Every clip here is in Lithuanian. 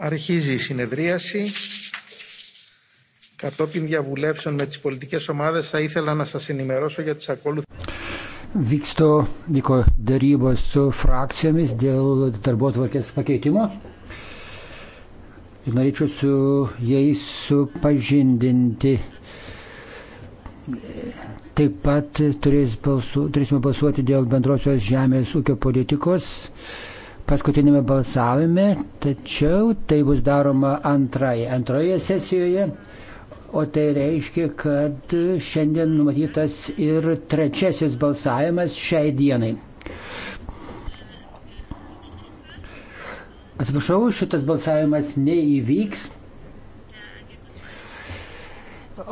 Αρχίζει η συνεδρίαση. Κατόπιν διαβουλεύσεων με τις πολιτικές ομάδες θα ήθελα να σας ενημερώσω για τις ακόλουθες. Vyksto, vyko darybos su frakcijomis dėl darbo tvarkės pakeitimo. Ir norėčiau su jais supažindinti. Taip pat turės balsu, turėsime balsuoti dėl bendrosios žemės ūkio politikos paskutinėme balsavime, tačiau tai bus daroma antrai, antroje sesijoje, o tai reiškia, kad šiandien numatytas ir trečiasis balsavimas šiai dienai. Atsiprašau, šitas balsavimas neįvyks,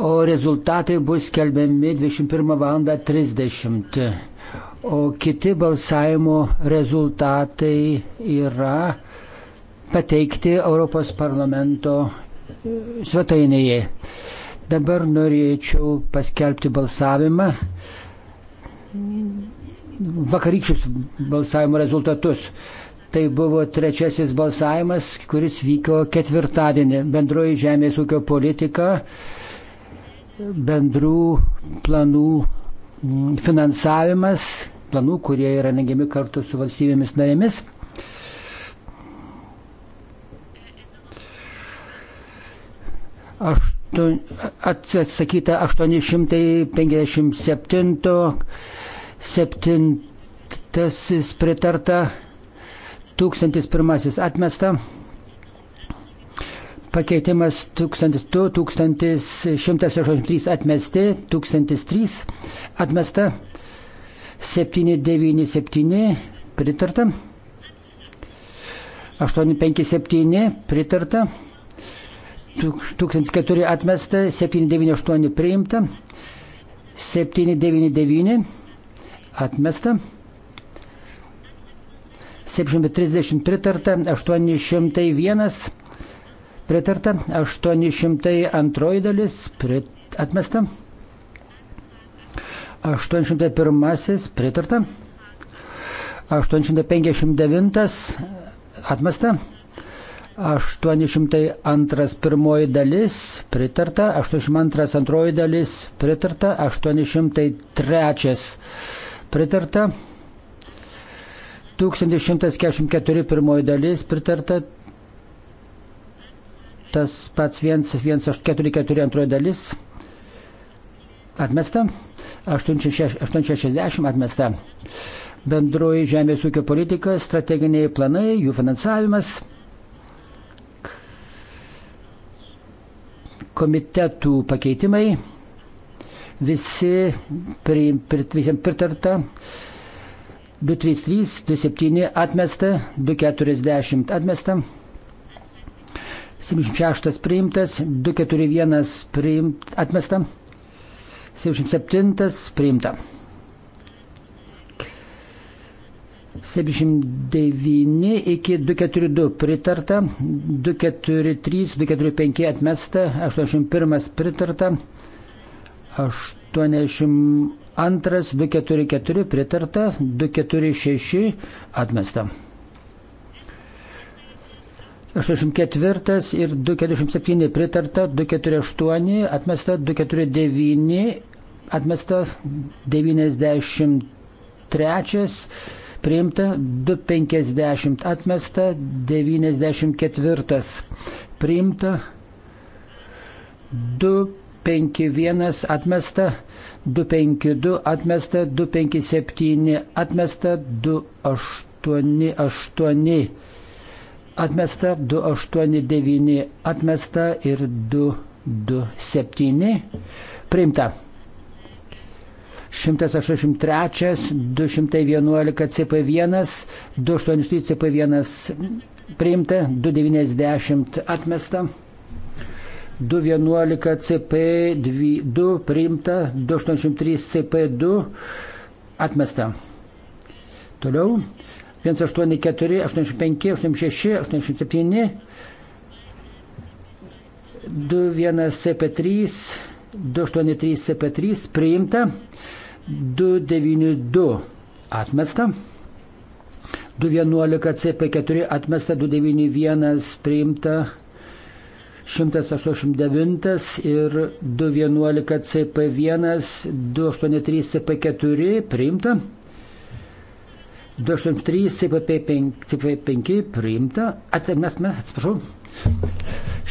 o rezultatai bus kelbiami 21 val. 30 o kiti balsavimo rezultatai yra pateikti Europos parlamento svetainėje. Dabar norėčiau paskelbti balsavimą, vakarykščius balsavimo rezultatus. Tai buvo trečiasis balsavimas, kuris vyko ketvirtadienį. Bendroji žemės ūkio politika, bendrų planų finansavimas, planų, kurie yra rengiami kartu su valstybėmis narėmis. Aštu, atsakyta 857, 7 pritarta, 1001 atmesta pakeitimas 1002, 1183 atmesti, 1003 atmesta, 797 pritarta. 857 pritarta. 1004 atmesta, 798 priimta. 799 atmesta. 730 pritarta, 801 pritarta, 802 dalis prit, atmesta. 801 pritarta. 859 atmesta. 802 pirmoji dalis pritarta, 802 antroji dalis pritarta, 803 pritarta, 1144 pirmoji dalis pritarta, tas pats 1144 antroji dalis atmesta, 860 atmesta. Bendroji žemės ūkio politika, strateginiai planai, jų finansavimas. Komitetų pakeitimai. Visi pri, pri, visiems pritarta. 233, 27 atmesta, 240 atmesta. 76 priimtas, 241 priimt, atmesta. 77 priimta. 79 iki 242 pritarta, 243, 245 atmesta, 81 pritarta, 82, 244 pritarta, 246 atmesta. 84 ir 247 pritarta, 248 atmesta, 249 atmesta, 93 priimta, 250 atmesta, 94 priimta, 251 atmesta, 252 atmesta, 257 atmesta, 288 atmesta 289, atmesta ir 227, priimta. 183, 211 CP1, 283 CP1 priimta, 290 atmesta, 211 CP2 priimta, 283 CP2 atmesta. Toliau 184, 85, 86, 87, 21 CP3, 283 CP3 priimta, 292 atmesta, 211 CP4 atmesta, 291 priimta, 189 ir 211 CP1, 283 CP4 priimta. 283 CPP5, CPP5 priimta, atsimės mes, atsiprašau,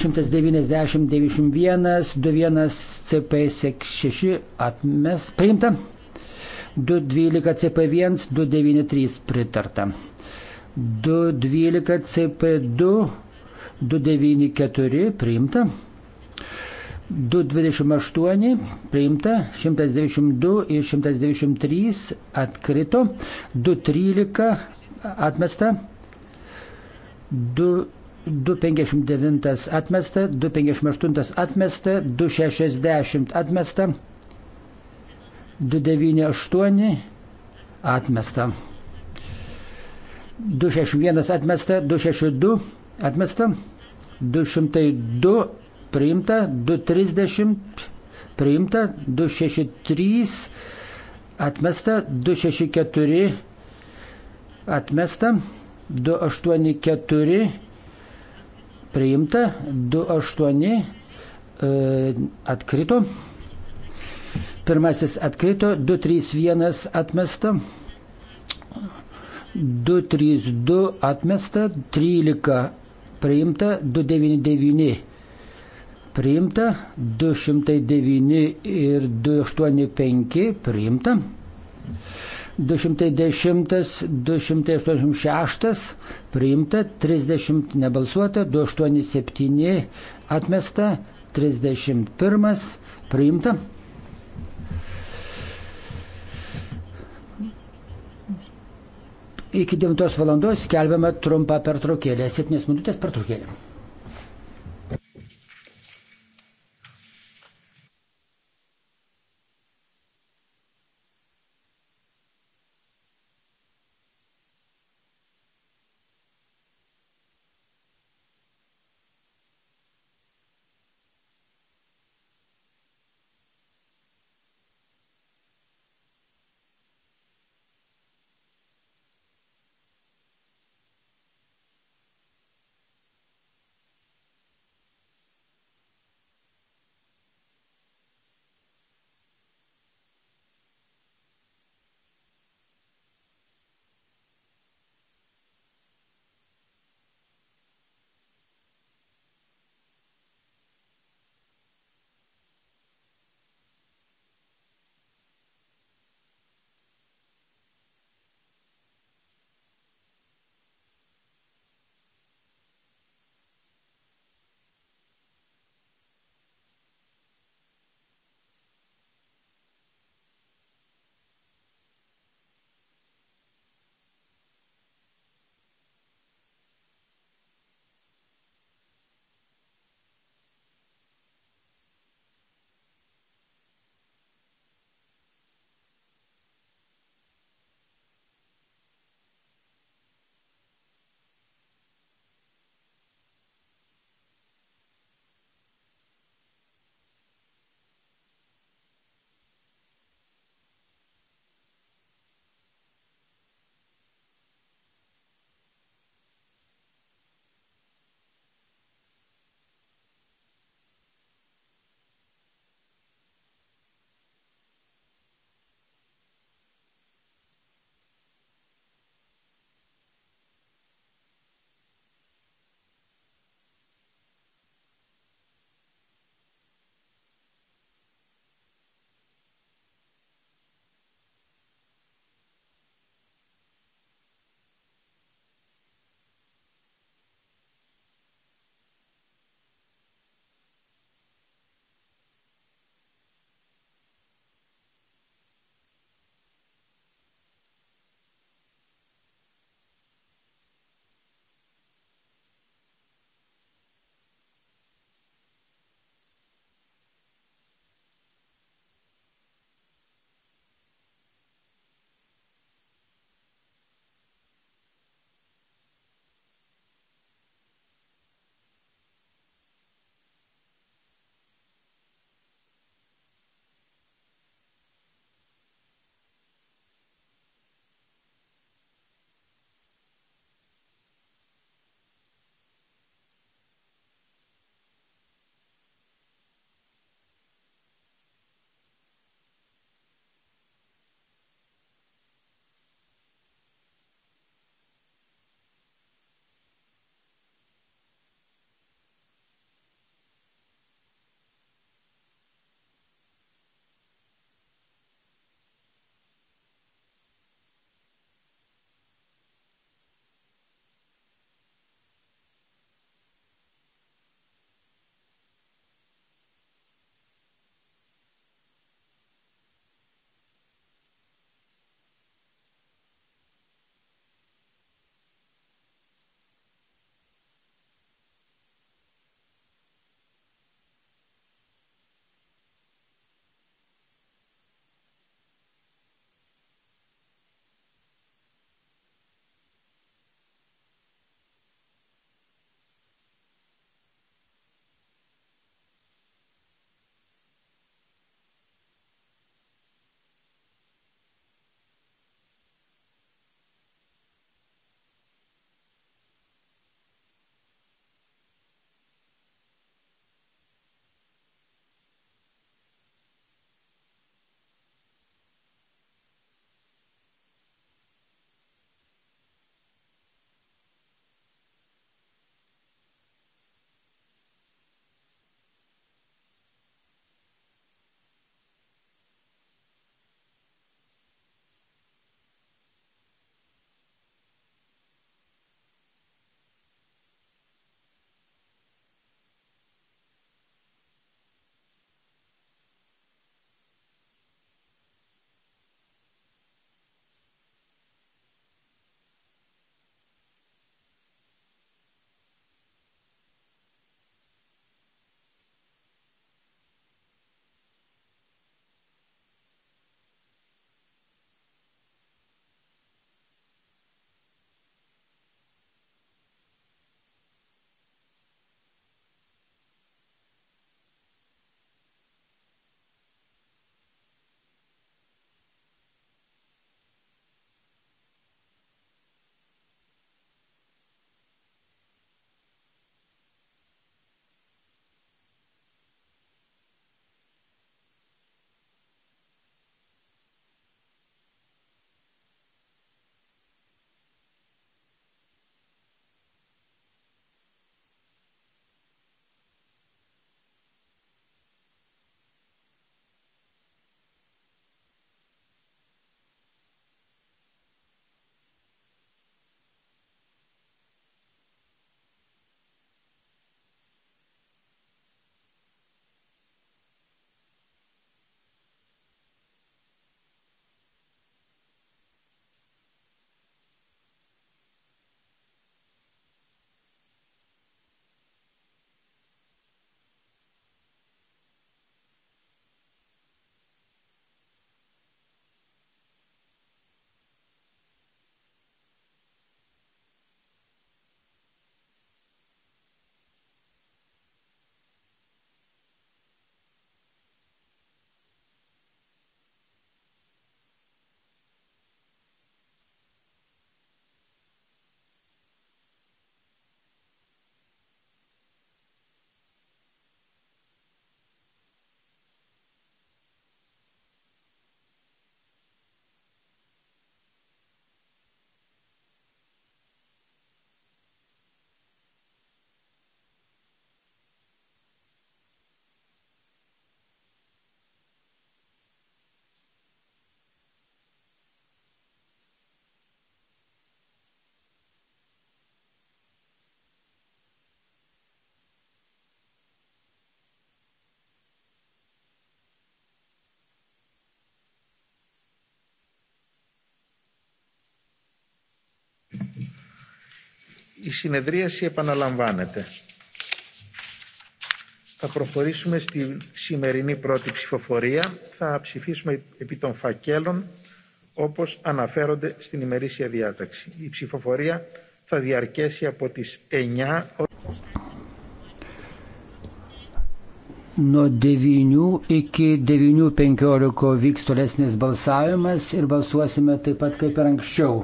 190, 91, 21 CP6 atmes priimta, 212 CP1, 293 pritarta, 212 CP2, 294 priimta. 228 priimta, 192 ir 193 atkrito, 213 atmesta, 2, 259 atmesta, 258 atmesta, 260 atmesta, 298 atmesta, 261 atmesta, 262 atmesta, 202 priimta, 230 priimta, 263 atmesta, 264 atmesta, 284 priimta, 28 e, atkrito. Pirmasis atkrito, 231 atmesta, 232 atmesta, 13 priimta, 299 priimta, 209 ir 285 priimta, 210, 286 priimta, 30 nebalsuota, 287 atmesta, 31 priimta. Iki 9 valandos skelbiame trumpą pertraukėlę, 7 minutės pertraukėlę. η συνεδρίαση επαναλαμβάνεται. Θα προχωρήσουμε στη σημερινή πρώτη ψηφοφορία. Θα ψηφίσουμε επί των φακέλων όπως αναφέρονται στην ημερήσια διάταξη. Η ψηφοφορία θα διαρκέσει από τις 9 Nuo 9 iki 9.15 vyks tolesnis balsavimas ir balsuosime taip pat kaip ir anksčiau.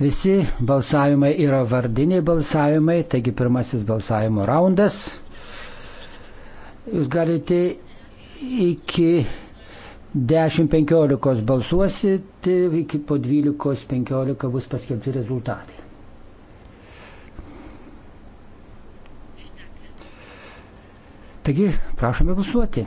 Visi balsavimai yra vardiniai balsavimai, taigi pirmasis balsavimo raundas. Jūs galite iki 10-15 balsuosit, iki po 12-15 bus paskelbti rezultatai. Taigi, prašome balsuoti.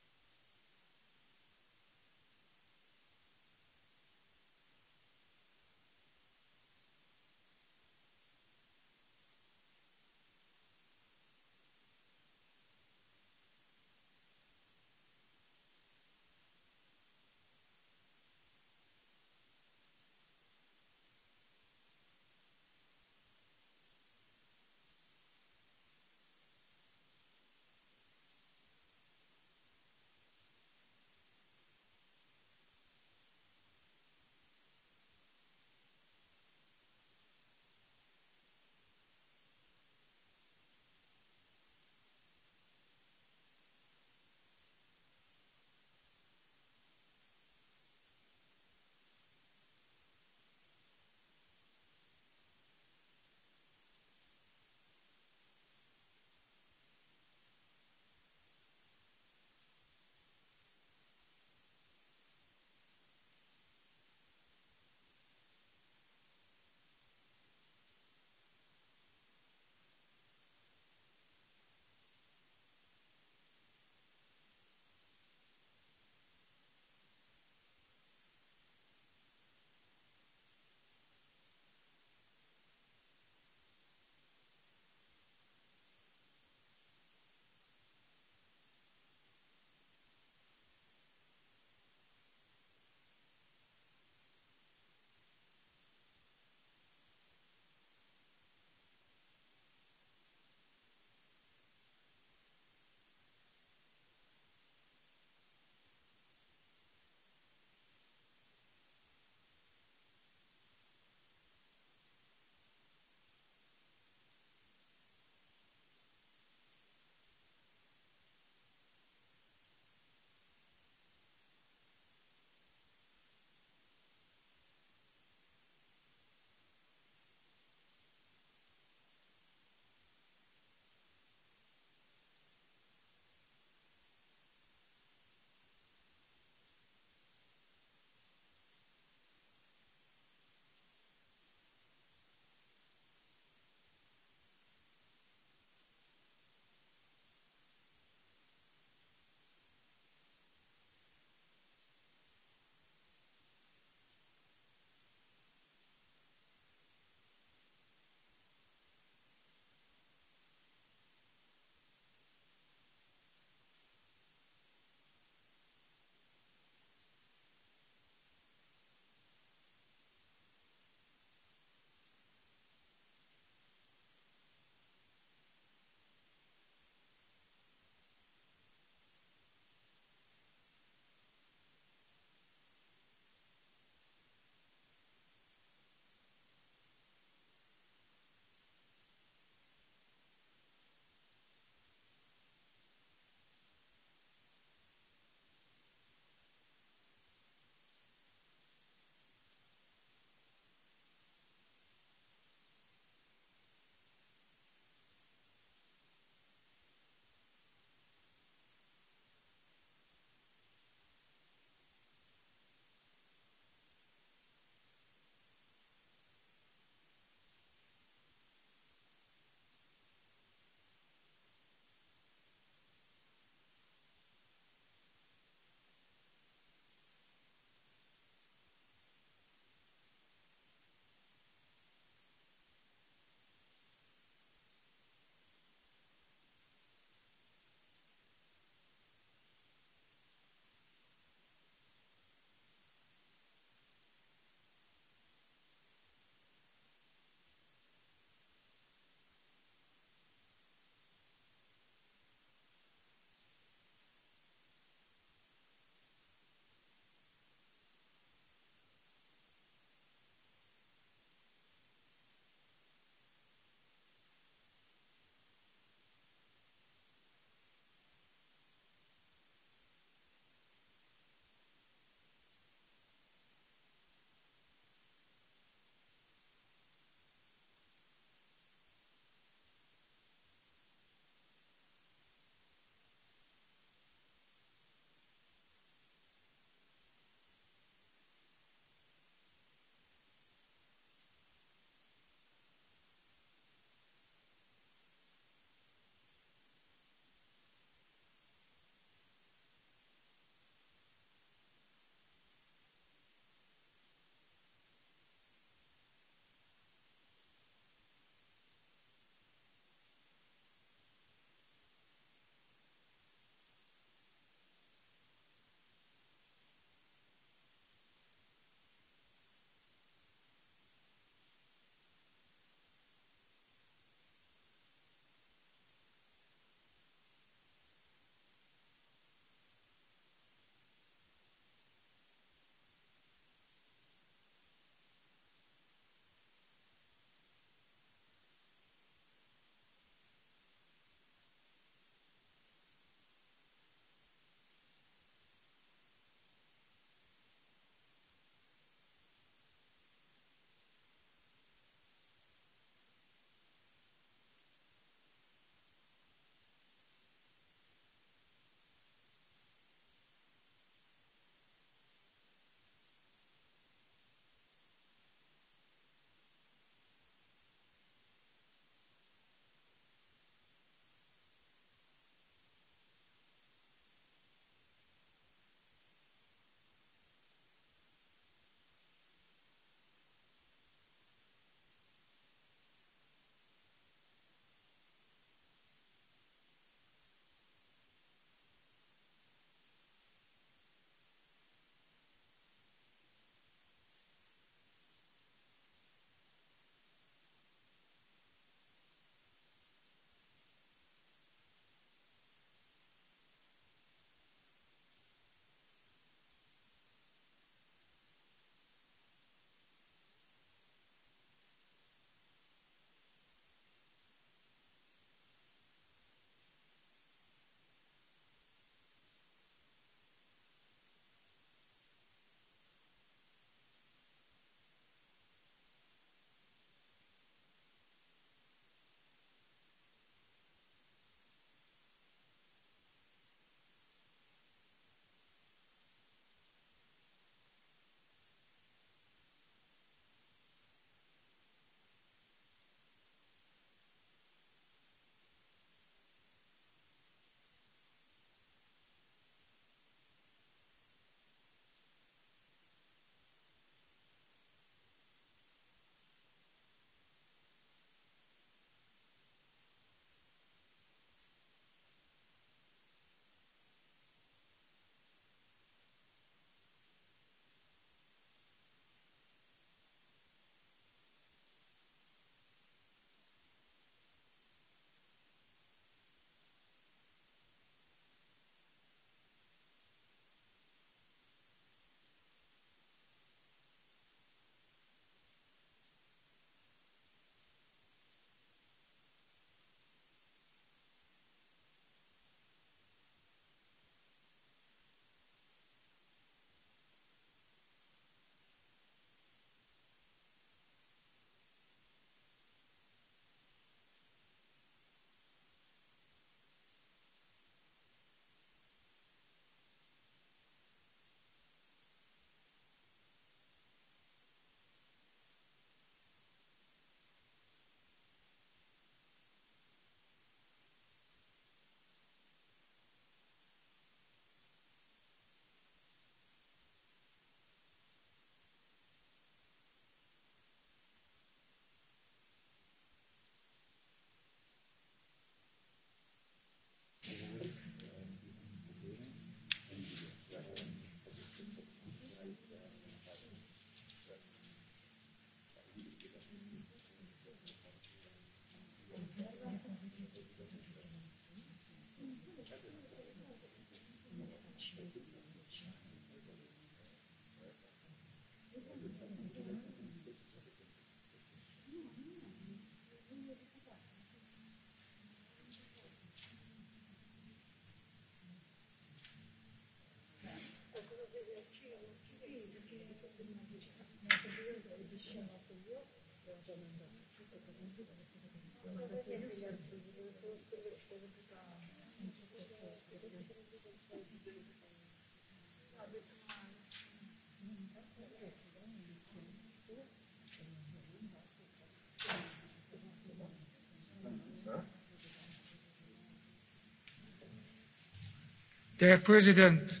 Der Herr Präsident.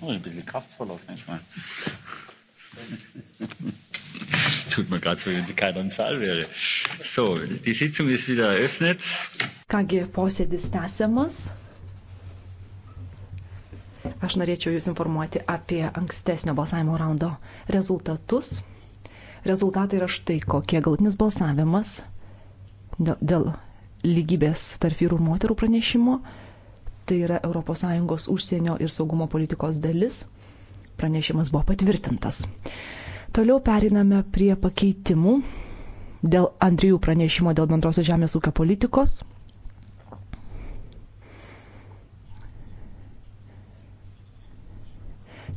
Oh, ein bisschen kraftvoll auf manchmal tut man gerade so, wenn keiner im Saal wäre. So, die Sitzung ist wieder eröffnet. Kągi, posėdis tęsiamas. Aš norėčiau Jūs informuoti apie ankstesnio balsavimo raundo rezultatus. Rezultatai yra štai kokie galutinis balsavimas dėl, dėl lygybės tarp vyrų ir moterų pranešimo. Tai yra ES užsienio ir saugumo politikos dalis. Pranešimas buvo patvirtintas. Toliau periname prie pakeitimų dėl Andrijų pranešimo dėl bendrosios žemės ūkio politikos.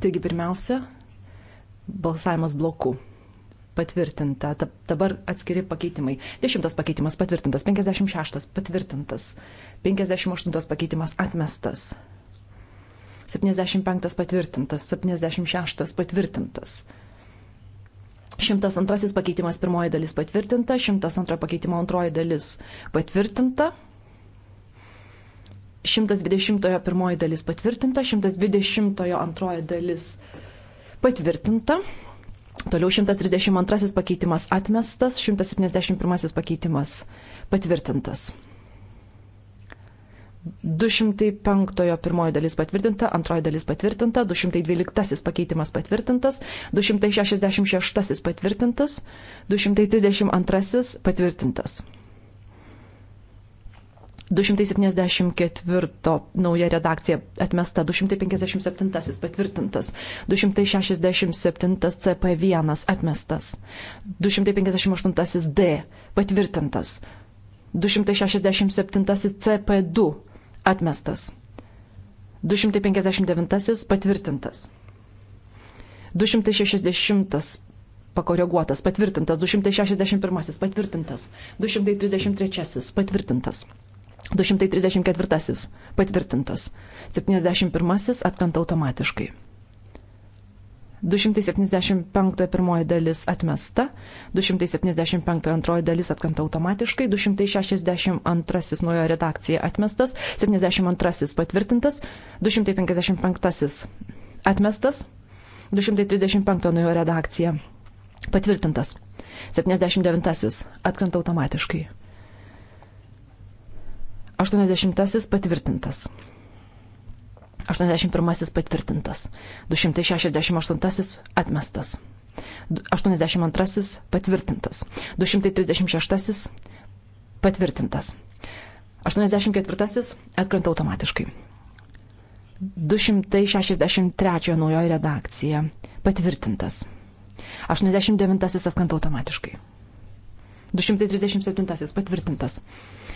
Taigi pirmiausia, balsavimas blokų patvirtinta. Dabar atskiri pakeitimai. Dešimtas pakeitimas patvirtintas, 56 patvirtintas, 58 pakeitimas atmestas, 75 patvirtintas, 76 patvirtintas. 102 pakeitimas pirmoji dalis patvirtinta, 102 pakeitimo antroji dalis patvirtinta, 120 pirmoji dalis patvirtinta, 120 antroji dalis patvirtinta. Toliau 132 pakeitimas atmestas, 171 pakeitimas patvirtintas. 205 pirmoji dalis patvirtinta, antroji dalis patvirtinta, 212 pakeitimas patvirtintas, 266 patvirtintas, 232 patvirtintas. 274 nauja redakcija atmesta, 257 patvirtintas, 267 CP1 atmestas, 258 D patvirtintas, 267 CP2 Atmestas. 259 patvirtintas. 260 pakoreguotas, patvirtintas, 261 patvirtintas, 233 patvirtintas, 234 patvirtintas, 71 atkrenta automatiškai. 275 pirmoji dalis atmesta, 275 antroji dalis atkanta automatiškai, 262 naujo redakcija atmestas, 72 patvirtintas, 255 atmestas, 235 naujo redakcija patvirtintas, 79 atkanta automatiškai, 80 patvirtintas. 81 patvirtintas, 268 atmestas, 82 patvirtintas, 236 patvirtintas, 84 atkrenta automatiškai, 263 naujoji redakcija patvirtintas, 89 atkrenta automatiškai, 237 patvirtintas,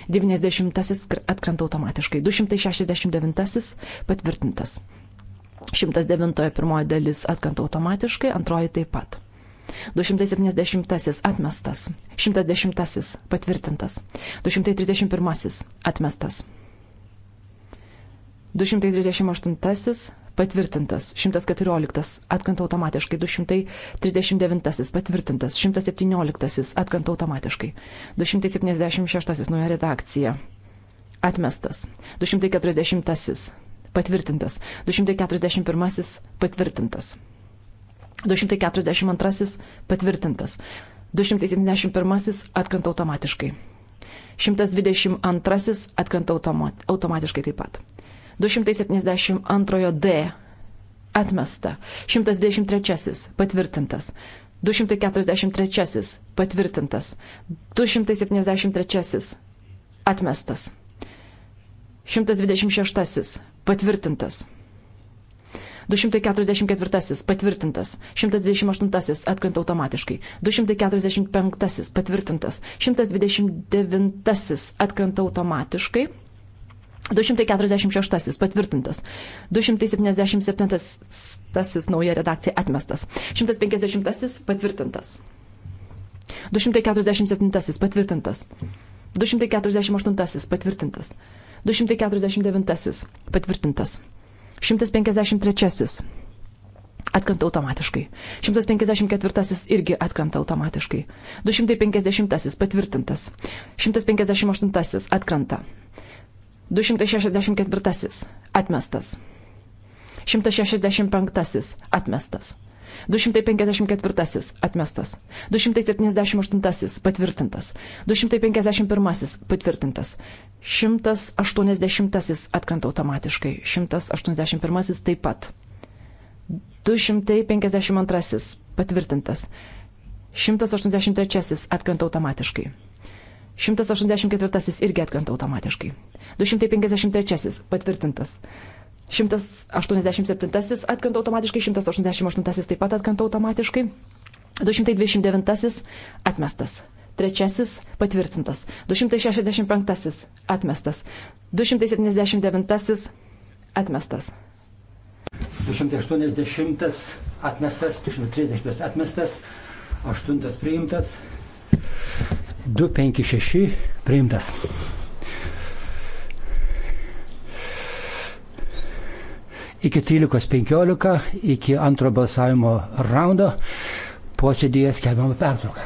90-asis atkrenta automatiškai, 269-asis patvirtintas. 109 pirmoji dalis atkrenta automatiškai, antroji taip pat. 270 atmestas, 110 patvirtintas, 231 atmestas, 238 patvirtintas, 114 atkrenta automatiškai, 239 patvirtintas, 117 atkrenta automatiškai, 276 nauja redakcija atmestas, 240 patvirtintas, 241 patvirtintas, 242 patvirtintas, 271 atkrenta automatiškai. 122 atkrenta automatiškai taip pat. 272 D atmesta, 123 patvirtintas, 243 patvirtintas, 273 atmestas, 126 patvirtintas. 244 patvirtintas, 128 atkrenta automatiškai, 245 patvirtintas, 129 atkrenta automatiškai, 246 patvirtintas, 277 nauja redakcija atmestas, 150 patvirtintas, 247 patvirtintas, 248 patvirtintas, 249 patvirtintas, 153 atkrenta automatiškai, 154 irgi atkrenta automatiškai, 250 patvirtintas, 158 atkrenta. 264 atmestas. 165 atmestas. 254 atmestas. 278 patvirtintas. 251 patvirtintas. 180 atkrenta automatiškai. 181 taip pat. 252 patvirtintas. 183 atkrenta automatiškai. 184 irgi atkrenta automatiškai. 253 patvirtintas. 187 atkrenta automatiškai, 188 taip pat atkrenta automatiškai, 229 atmestas, 3 patvirtintas, 265 atmestas, 279 atmestas. 280 atmestas, 230 atmestas, 8 priimtas, 256 priimtas. Iki 13.15, iki antro balsavimo raundo posėdėje skelbiama pertrauka.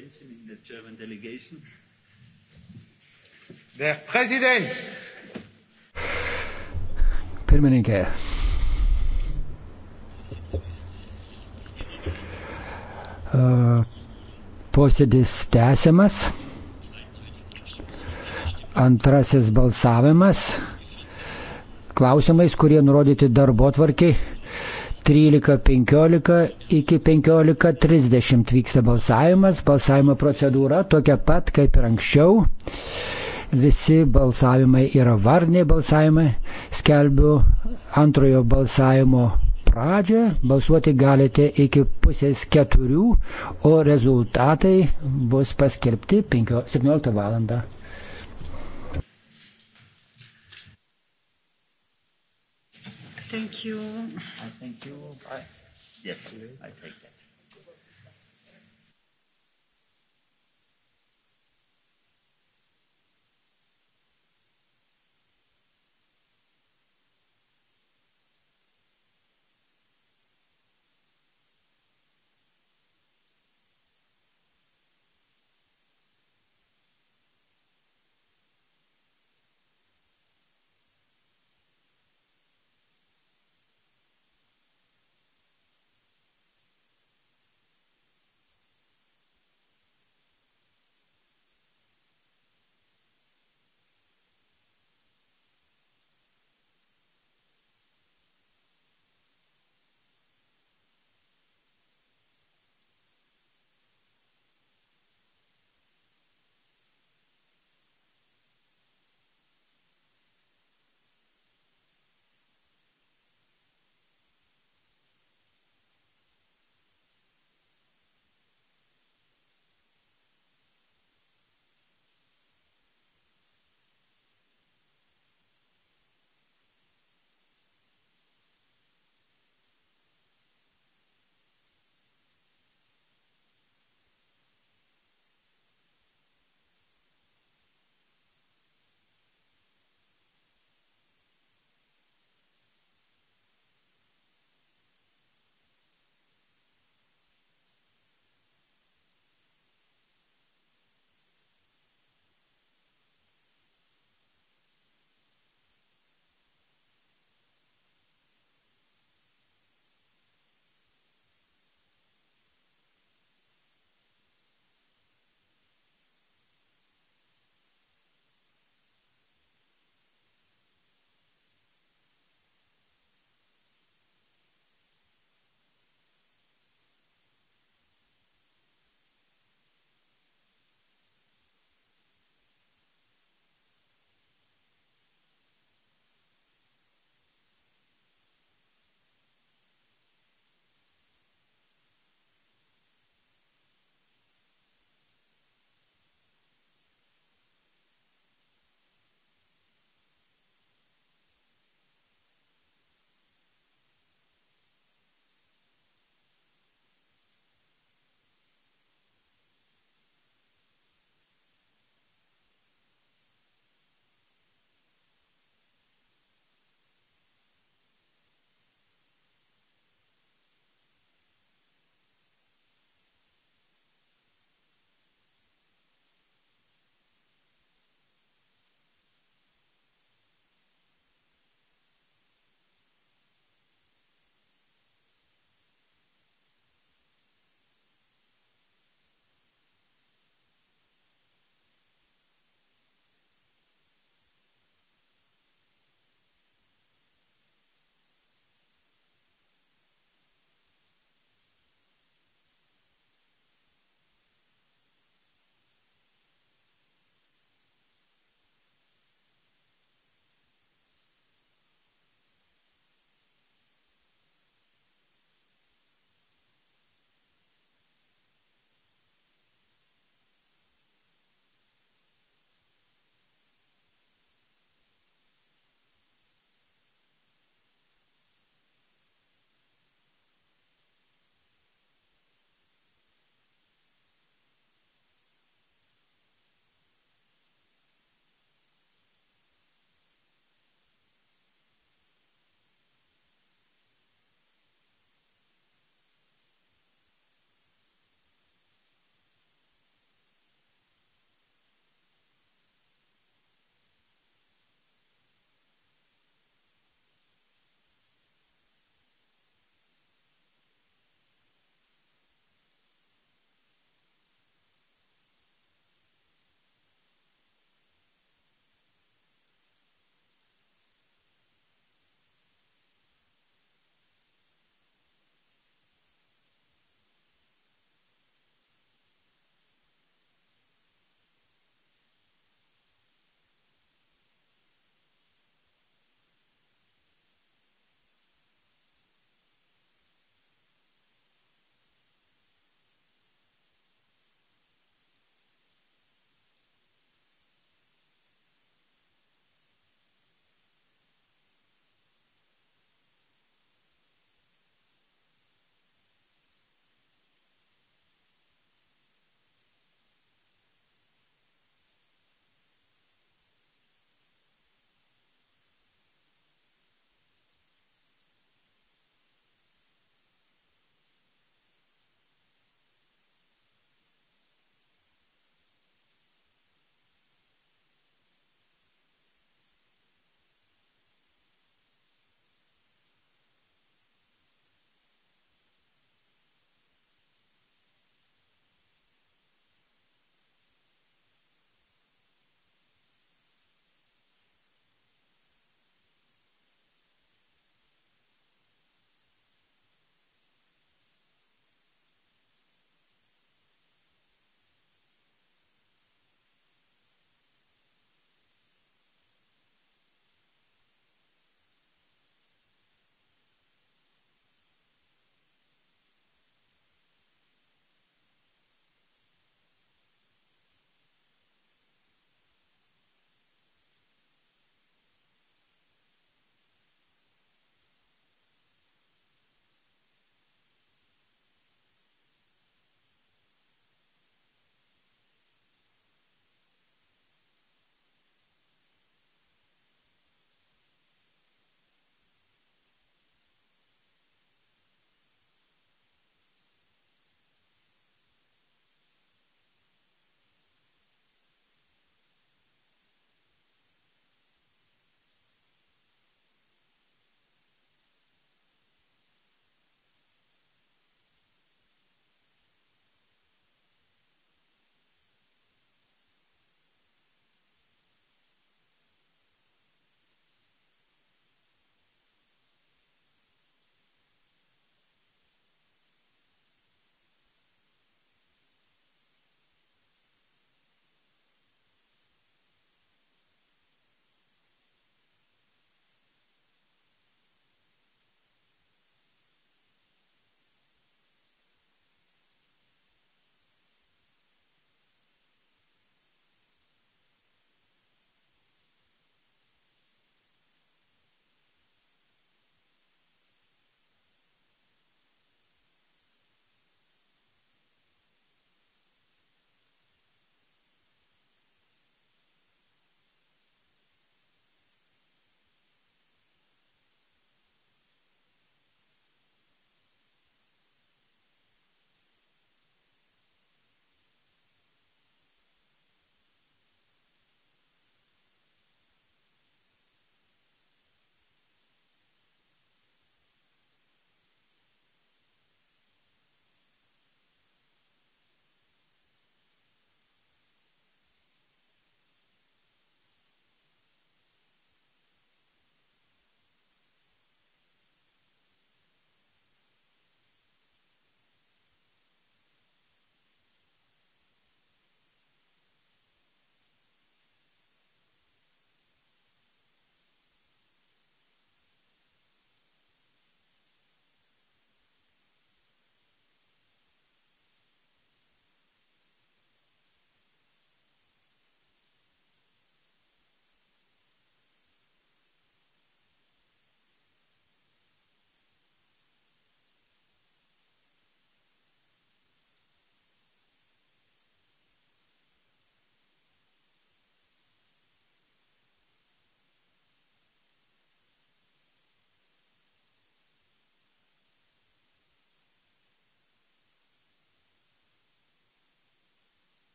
Belgium in the German delegation. Der Präsident! Pirmininkė. Äh, posėdis tęsiamas. Antrasis balsavimas. Klausimais, kurie nurodyti darbo tvarkiai. 13.15 iki 15.30 vyksta balsavimas. Balsavimo procedūra tokia pat kaip ir anksčiau. Visi balsavimai yra varniai balsavimai. Skelbiu antrojo balsavimo pradžią. Balsuoti galite iki pusės keturių, o rezultatai bus paskelbti 17 val. Thank you. I thank you. I, yes, I thank you.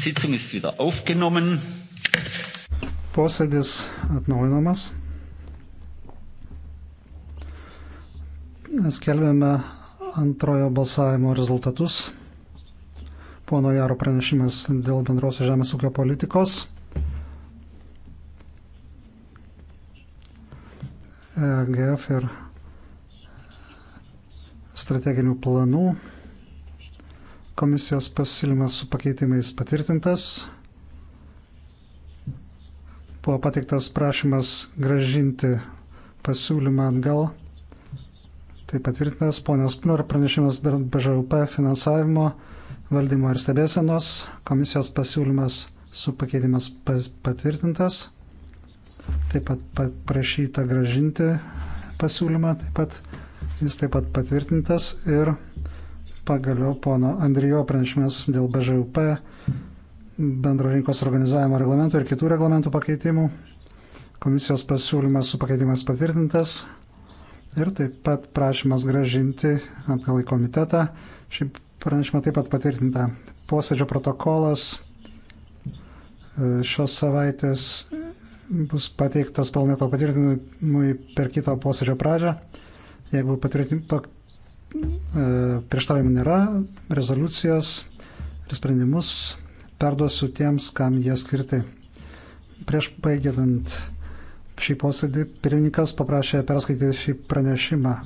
Sitzung ist wieder aufgenommen. Posėdis atnaujinamas. Skelbėme antrojo balsavimo rezultatus. Pono Jaro pranešimas dėl bendrosios žemės ūkio politikos. E GF ir strateginių planų. Komisijos pasiūlymas su pakeitimais patvirtintas. Buvo pateiktas prašymas gražinti pasiūlymą atgal. Tai patvirtintas ponios Pliur pranešimas BŽUP finansavimo valdymo ir stebėsenos. Komisijos pasiūlymas su pakeitimas patvirtintas. Taip pat prašyta gražinti pasiūlymą, taip pat jis taip pat patvirtintas ir Pagaliau pono Andrijo pranešimas dėl BŽUP bendro rinkos organizavimo reglamento ir kitų reglamentų pakeitimų. Komisijos pasiūlymas su pakeitimas patvirtintas ir taip pat prašymas gražinti atgal į komitetą. Šį pranešimą taip pat patvirtinta. Posėdžio protokolas e, šios savaitės bus pateiktas palmeto patvirtinimui per kito posėdžio pradžią. Jeigu patvirtinti E, prieštaravimų nėra, rezoliucijas ir sprendimus perduosiu tiems, kam jie skirti. Prieš baigėdant šį posėdį, pirmininkas paprašė perskaityti šį pranešimą.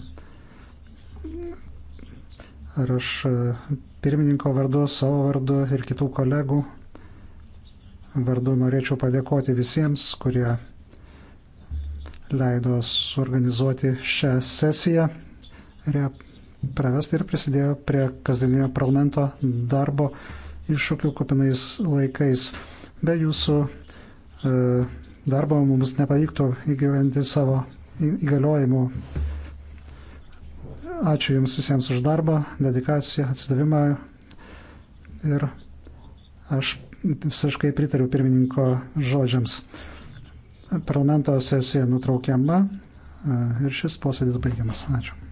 Ar aš e, pirmininko vardu, savo vardu ir kitų kolegų vardu norėčiau padėkoti visiems, kurie leido suorganizuoti šią sesiją ir ją pravesti ir prisidėjo prie kasdieninio parlamento darbo iššūkių kupinais laikais. Be jūsų e, darbo mums nepavyktų įgyventi savo įgaliojimų. Ačiū Jums visiems už darbą, dedikaciją, atsidavimą ir aš visiškai pritariu pirmininko žodžiams. Parlamento sesija nutraukiama e, ir šis posėdis baigiamas. Ačiū.